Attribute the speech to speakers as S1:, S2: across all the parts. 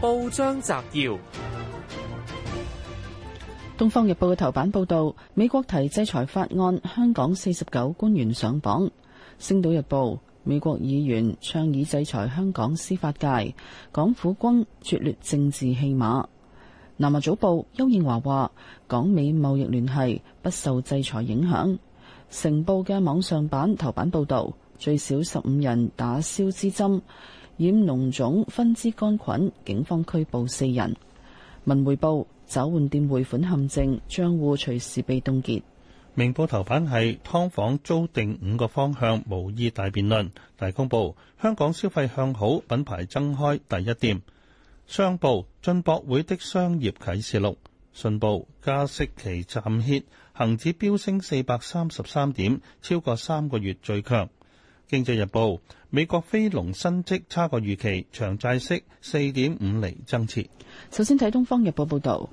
S1: 報章摘要：《東方日報》嘅頭版報道，美國提制裁法案，香港四十九官員上榜。《星島日報》：美國議員倡議制裁香港司法界，港府軍絕劣政治戲碼。《南華早報》：邱應華話，港美貿易聯繫不受制裁影響。《成報》嘅網上版頭版報道，最少十五人打消資針。染膿腫分支桿菌，警方拘捕四人。《文匯報》找換店匯款陷阱，賬戶隨時被凍
S2: 結。《明報》頭版係劏房租定五個方向，無意大辯論。《大公報》香港消費向好，品牌增開第一店。《商報》進博會的商業啟示錄。《信報》加息期暫歇，恒指飆升四百三十三點，超過三個月最強。《經濟日報》美國非農新職差過預期，長債息四點五厘增持。
S1: 首先睇《東方日報》報道，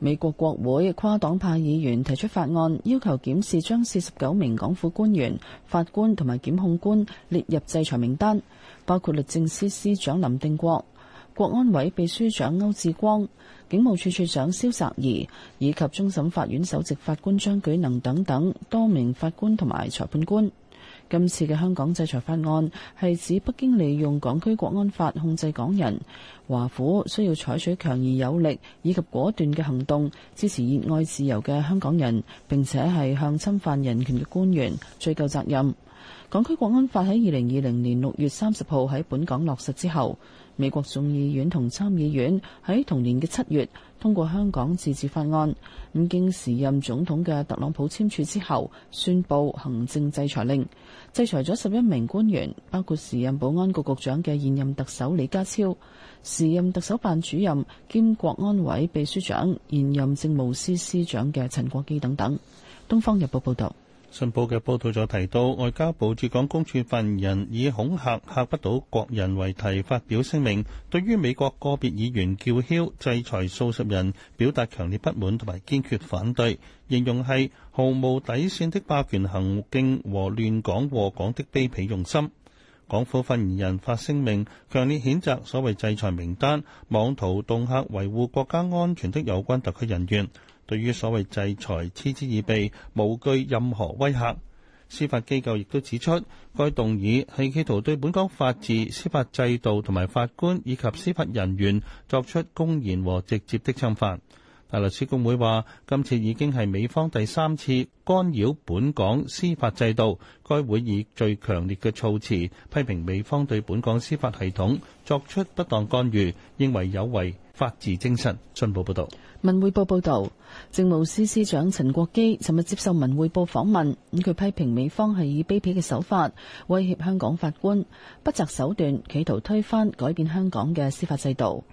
S1: 美國國會跨黨派議員提出法案，要求檢視將四十九名港府官員、法官同埋檢控官列入制裁名單，包括律政司司長林定國、國安委秘書長歐志光、警務處處長蕭澤頤以及終審法院首席法官張舉能等等多名法官同埋裁判官。今次嘅香港制裁法案係指北京利用港區國安法控制港人，華府需要採取強而有力以及果斷嘅行動支持熱愛自由嘅香港人，並且係向侵犯人權嘅官員追究責任。港區國安法喺二零二零年六月三十號喺本港落實之後。美國眾議院同參議院喺同年嘅七月通過《香港自治法案》，咁經時任總統嘅特朗普簽署之後，宣佈行政制裁令，制裁咗十一名官員，包括時任保安局局長嘅現任特首李家超、時任特首辦主任兼國安委秘書長、現任政務司司長嘅陳國基等等。《東方日報》報導。
S2: 信報嘅報道就提到，外交部駐港公署發言人以恐嚇嚇不到國人為題發表聲明，對於美國個別議員叫囂制裁數十人，表達強烈不滿同埋堅決反對，形容係毫無底線的霸權行徑和亂港禍港的卑鄙用心。港府發言人發聲明，強烈譴責所謂制裁名單妄圖恫嚇維護國家安全的有關特區人員。對於所謂制裁，嗤之以鼻，無懼任何威嚇。司法機構亦都指出，該動議係企圖對本港法治、司法制度同埋法官以及司法人員作出公然和直接的侵犯。大律師公會話，今次已經係美方第三次干擾本港司法制度，該會以最強烈嘅措辭批評美方對本港司法系統作出不當干預，認為有違法治精神。進步報，報道。
S1: 文匯報報道，政務司司長陳國基尋日接受文匯報訪問，咁佢批評美方係以卑鄙嘅手法威脅香港法官，不擇手段企圖推翻改變香港嘅司法制度。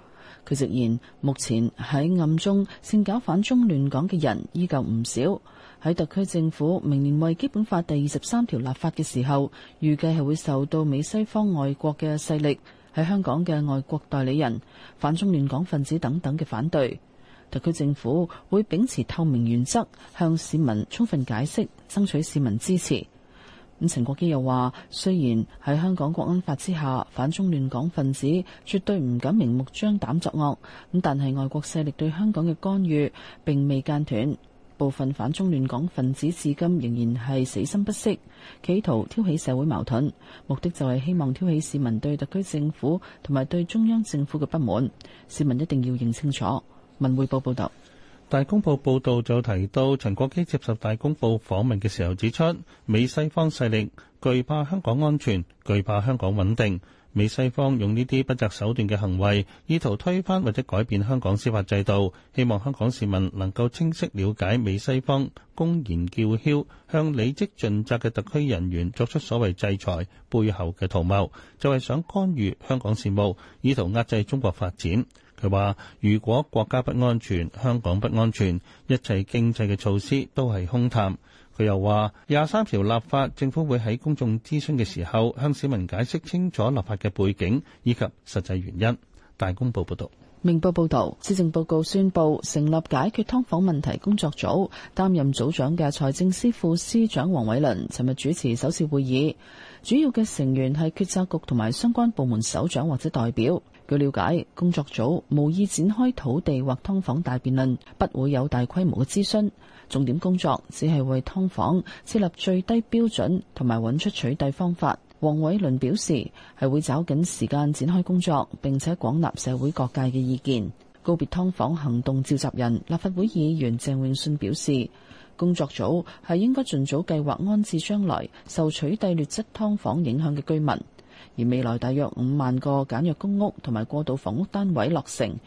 S1: 佢直言，目前喺暗中煽搞反中亂港嘅人依舊唔少。喺特區政府明年為基本法第二十三條立法嘅時候，預計係會受到美西方外國嘅勢力。喺香港嘅外國代理人、反中亂港分子等等嘅反對，特區政府會秉持透明原則，向市民充分解釋，爭取市民支持。咁陳國基又話，雖然喺香港國安法之下，反中亂港分子絕對唔敢明目張膽作惡，咁但係外國勢力對香港嘅干預並未間斷。部分反中亂港分子至今仍然係死心不息，企圖挑起社會矛盾，目的就係希望挑起市民對特區政府同埋對中央政府嘅不滿。市民一
S2: 定要認清楚。文匯報報道。大公報報道就提到，陳國基接受大公報訪問嘅時候指出，美西方勢力懼怕香港安全，懼怕香港穩定。美西方用呢啲不擇手段嘅行為，意圖推翻或者改變香港司法制度，希望香港市民能夠清晰了解美西方公然叫囂，向理職盡責嘅特區人員作出所謂制裁背後嘅圖謀，就係想干預香港事務，意圖壓制中國發展。佢話：如果國家不安全，香港不安全，一切經濟嘅措施都係空談。佢又話：廿三條立法政府會喺公眾諮詢嘅時候，向市民解釋清楚立法嘅背景以及實際原因。大公報報道，
S1: 明報報道，施政報告宣布成立解決劏房問題工作組，擔任組長嘅財政司副司長黃偉綸，尋日主持首次會議，主要嘅成員係決策局同埋相關部門首長或者代表。據了解，工作組無意展開土地或劏房大辯論，不會有大規模嘅諮詢。重點工作只係為劏房設立最低標準，同埋揾出取締方法。黃偉綸表示，係會抓緊時間展開工作，並且廣納社會各界嘅意見。告別劏房行動召集人立法會議員鄭永信表示，工作組係應該盡早計劃安置將來受取締劣質劏房影響嘅居民。而未來大約五萬個簡約公屋同埋過渡房屋單位落成，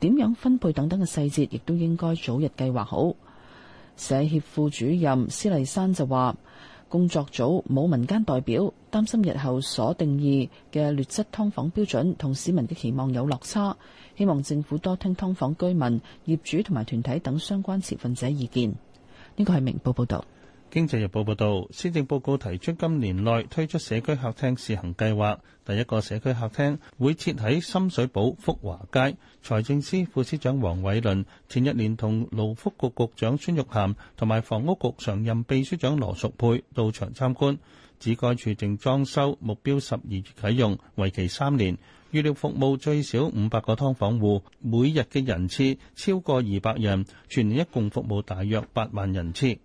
S1: 點樣分配等等嘅細節，亦都應該早日計劃好。社協副主任施麗珊就話：工作組冇民間代表，擔心日後所定義嘅劣質劏房標準同市民嘅期望有落差，希望政府多聽劏房居民、業主同埋團體等相關持份者意見。呢個係明報報導。
S2: 經濟日報報導，施政報告提出今年內推出社區客廳試行計劃，第一個社區客廳會設喺深水埗福華街。財政司副司長黃偉綸前日連同勞福局局長孫玉菡同埋房屋局常任秘書長羅淑佩到場參觀，指該處正裝修，目標十二月啟用，為期三年。預料服務最少五百個劏房戶，每日嘅人次超過二百人，全年一共服務大約八萬人次。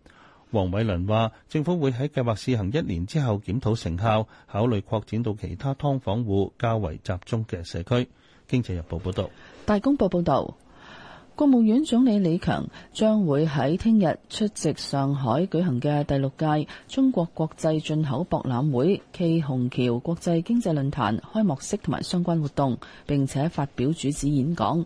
S2: 黃偉倫話：政府會喺計劃試行一年之後檢討成效，考慮擴展到其他劏房戶較為集中嘅社區。經濟日報報道。
S1: 大公報報道，國務院總理李強將會喺聽日出席上海舉行嘅第六屆中國國際進口博覽會暨虹橋國際經濟論壇開幕式同埋相關活動，並且發表主旨演講。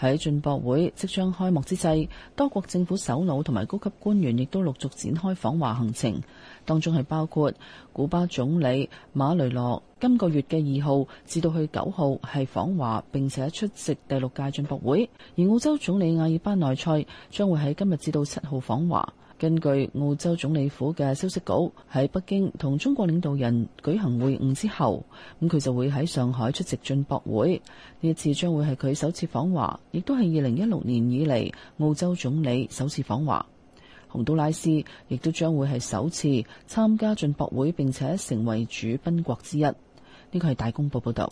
S1: 喺進博會即將開幕之際，多國政府首腦同埋高級官員亦都陸續展開訪華行程。當中係包括古巴總理馬雷羅今個月嘅二號至到去九號係訪華，並且出席第六屆進博會。而澳洲總理阿爾巴內塞將會喺今日至到七號訪華。根據澳洲總理府嘅消息稿，喺北京同中國領導人舉行會晤之後，咁佢就會喺上海出席進博會。呢一次將會係佢首次訪華，亦都係二零一六年以嚟澳洲總理首次訪華。洪都拉斯亦都將會係首次參加進博會，並且成為主賓國之一。呢個係大公報報道。
S2: 《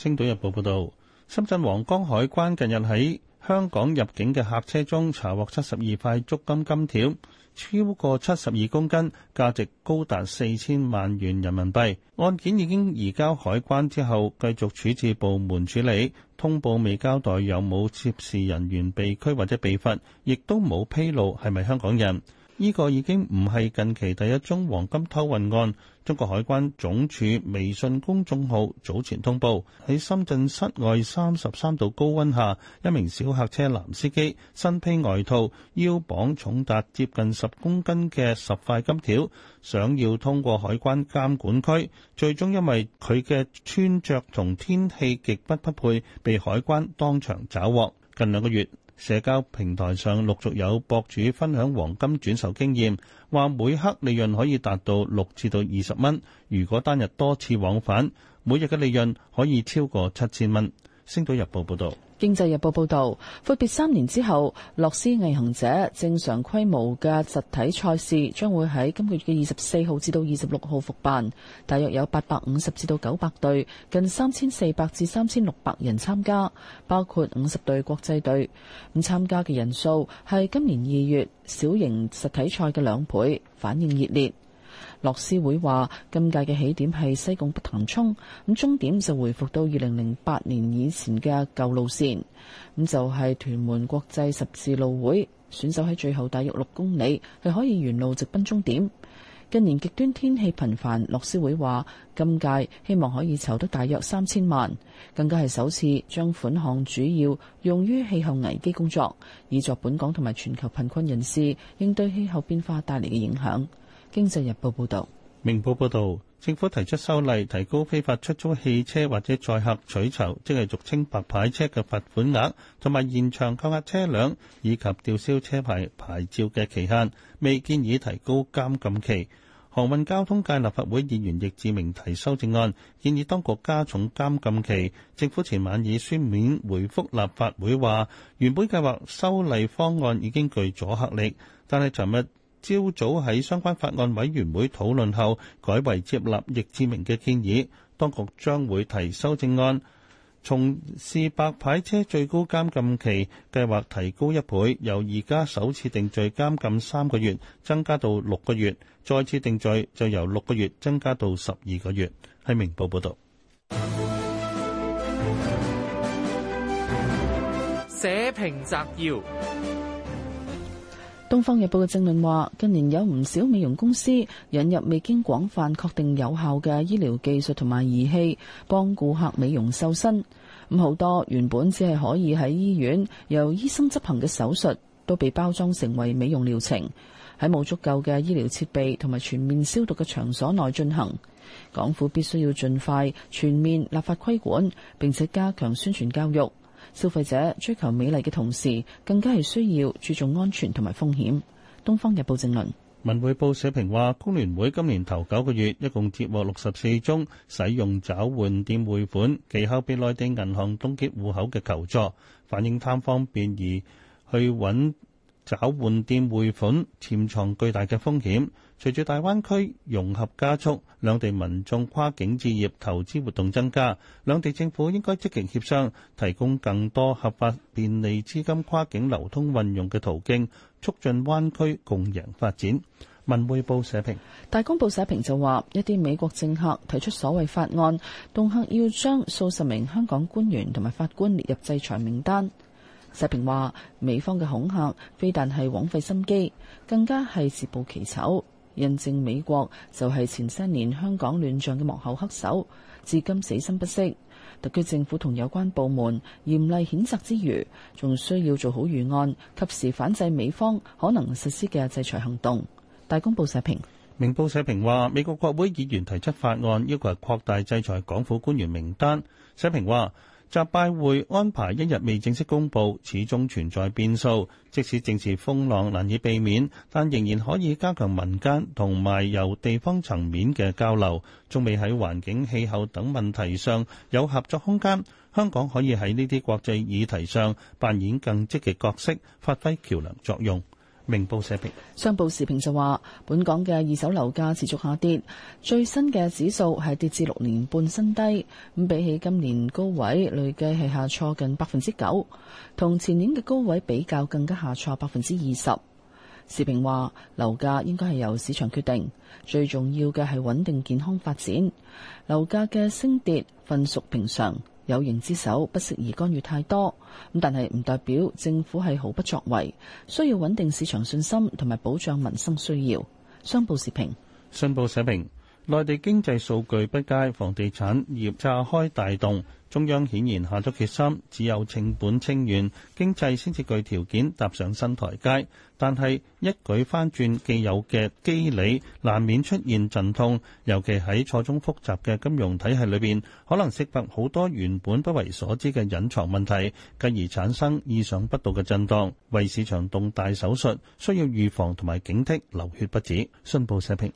S2: 星島日報》報道：深圳黃江海關近日喺香港入境嘅客車中查獲七十二塊足金金條，超過七十二公斤，價值高達四千萬元人民幣。案件已經移交海關之後，繼續處置部門處理。通報未交代有冇涉事人員被拘或者被罰，亦都冇披露係咪香港人。呢個已經唔係近期第一宗黃金偷運案。中國海關總署微信公眾號早前通報，喺深圳室外三十三度高溫下，一名小客車男司機身披外套，腰綁重達接近十公斤嘅十塊金條，想要通過海關監管區，最終因為佢嘅穿着同天氣極不匹配，被海關當場抓獲。近兩個月，社交平台上陸續有博主分享黃金轉售經驗，話每克利潤可以達到六至到二十蚊，如果單日多次往返，每日嘅利潤可以超過七千蚊。星島日報報道。
S1: 經濟日報報導，闊別三年之後，樂施毅行者正常規模嘅實體賽事將會喺今個月嘅二十四號至到二十六號復辦，大約有八百五十至到九百隊，近三千四百至三千六百人參加，包括五十隊國際隊。咁參加嘅人數係今年二月小型實體賽嘅兩倍，反應熱烈。樂施會話今屆嘅起點係西貢北潭涌，咁終點就回復到二零零八年以前嘅舊路線，咁就係、是、屯門國際十字路會選手喺最後大約六公里係可以沿路直奔終點。近年極端天氣頻繁，樂施會話今屆希望可以籌得大約三千萬，更加係首次將款項主要用於氣候危機工作，以作本港同埋全球貧困人士應對氣候變化帶嚟嘅影響。《經濟日報》報導，
S2: 《明報》報導，政府提出修例提高非法出租汽車或者載客取酬，即係俗稱白牌車嘅罰款額，同埋現場扣押車輛以及吊銷車牌牌照嘅期限，未建議提高監禁期。航運交通界立法會議員易志明提修正案，建議當局加重監禁期。政府前晚以書面回覆立法會話，原本計劃修例方案已經具阻嚇力，但係尋日，朝早喺相關法案委員會討論後，改為接納易志明嘅建議，當局將會提修正案，從事白牌車最高監禁期計劃提高一倍，由而家首次定罪監禁三個月，增加到六個月；再次定罪就由六個月增加到十二個月。喺《明報》報道。社評摘要。
S1: 《東方日報》嘅正論話，近年有唔少美容公司引入未經廣泛確定有效嘅醫療技術同埋儀器，幫顧客美容瘦身。咁好多原本只係可以喺醫院由醫生執行嘅手術，都被包裝成為美容療程，喺冇足夠嘅醫療設備同埋全面消毒嘅場所內進行。港府必須要盡快全面立法規管，並且加強宣傳教育。消費者追求美麗嘅同時，更加係需要注重安全同埋風險。《東方日報》正論。
S2: 文匯報社評話，工聯會今年頭九個月一共接獲六十四宗使用找換店匯款技巧，被內地銀行凍結戶口嘅求助，反映貪方便而去揾找換店匯款潛藏巨大嘅風險。隨住大灣區融合加速，兩地民眾跨境置業投資活動增加，兩地政府應該積極協商，提供更多合法便利資金跨境流通運用嘅途徑，促進灣區共贏發展。文匯報社評。
S1: 大公報社評就話：一啲美國政客提出所謂法案，動向要將數十名香港官員同埋法官列入制裁名單。石平話：美方嘅恐嚇非但係枉費心機，更加係自暴其醜。印證美國就係前三年香港亂象嘅幕後黑手，至今死心不息。特區政府同有關部門嚴厲譴責之餘，仲需要做好預案，及時反制美方可能實施嘅制裁行動。大公報社評，
S2: 明報社評話：美國國會議員提出法案，要求擴大制裁港府官員名單。社評話。集拜會安排一日未正式公布，始終存在變數。即使政治風浪難以避免，但仍然可以加強民間同埋由地方層面嘅交流，仲未喺環境、氣候等問題上有合作空間。香港可以喺呢啲國際議題上扮演更積極角色，發揮橋梁作用。明報社評
S1: 商報時評就話：本港嘅二手樓價持續下跌，最新嘅指數係跌至六年半新低。咁比起今年高位，累計係下挫近百分之九，同前年嘅高位比較更加下挫百分之二十。時評話樓價應該係由市場決定，最重要嘅係穩定健康發展，樓價嘅升跌分屬平常。有形之手不適宜干預太多，咁但係唔代表政府係毫不作為，需要穩定市場信心同埋保障民生需
S2: 要。商報時評，商報時評。內地經濟數據不佳，房地產業炸開大洞，中央顯然下咗決心，只有正本清源。經濟先至具條件踏上新台階，但係一舉翻轉既有嘅機理，難免出現陣痛，尤其喺錯綜複雜嘅金融體系裏邊，可能涉及好多原本不為所知嘅隱藏問題，繼而產生意想不到嘅震盪。為市場動大手術，需要預防同埋警惕流血不止。信報社評。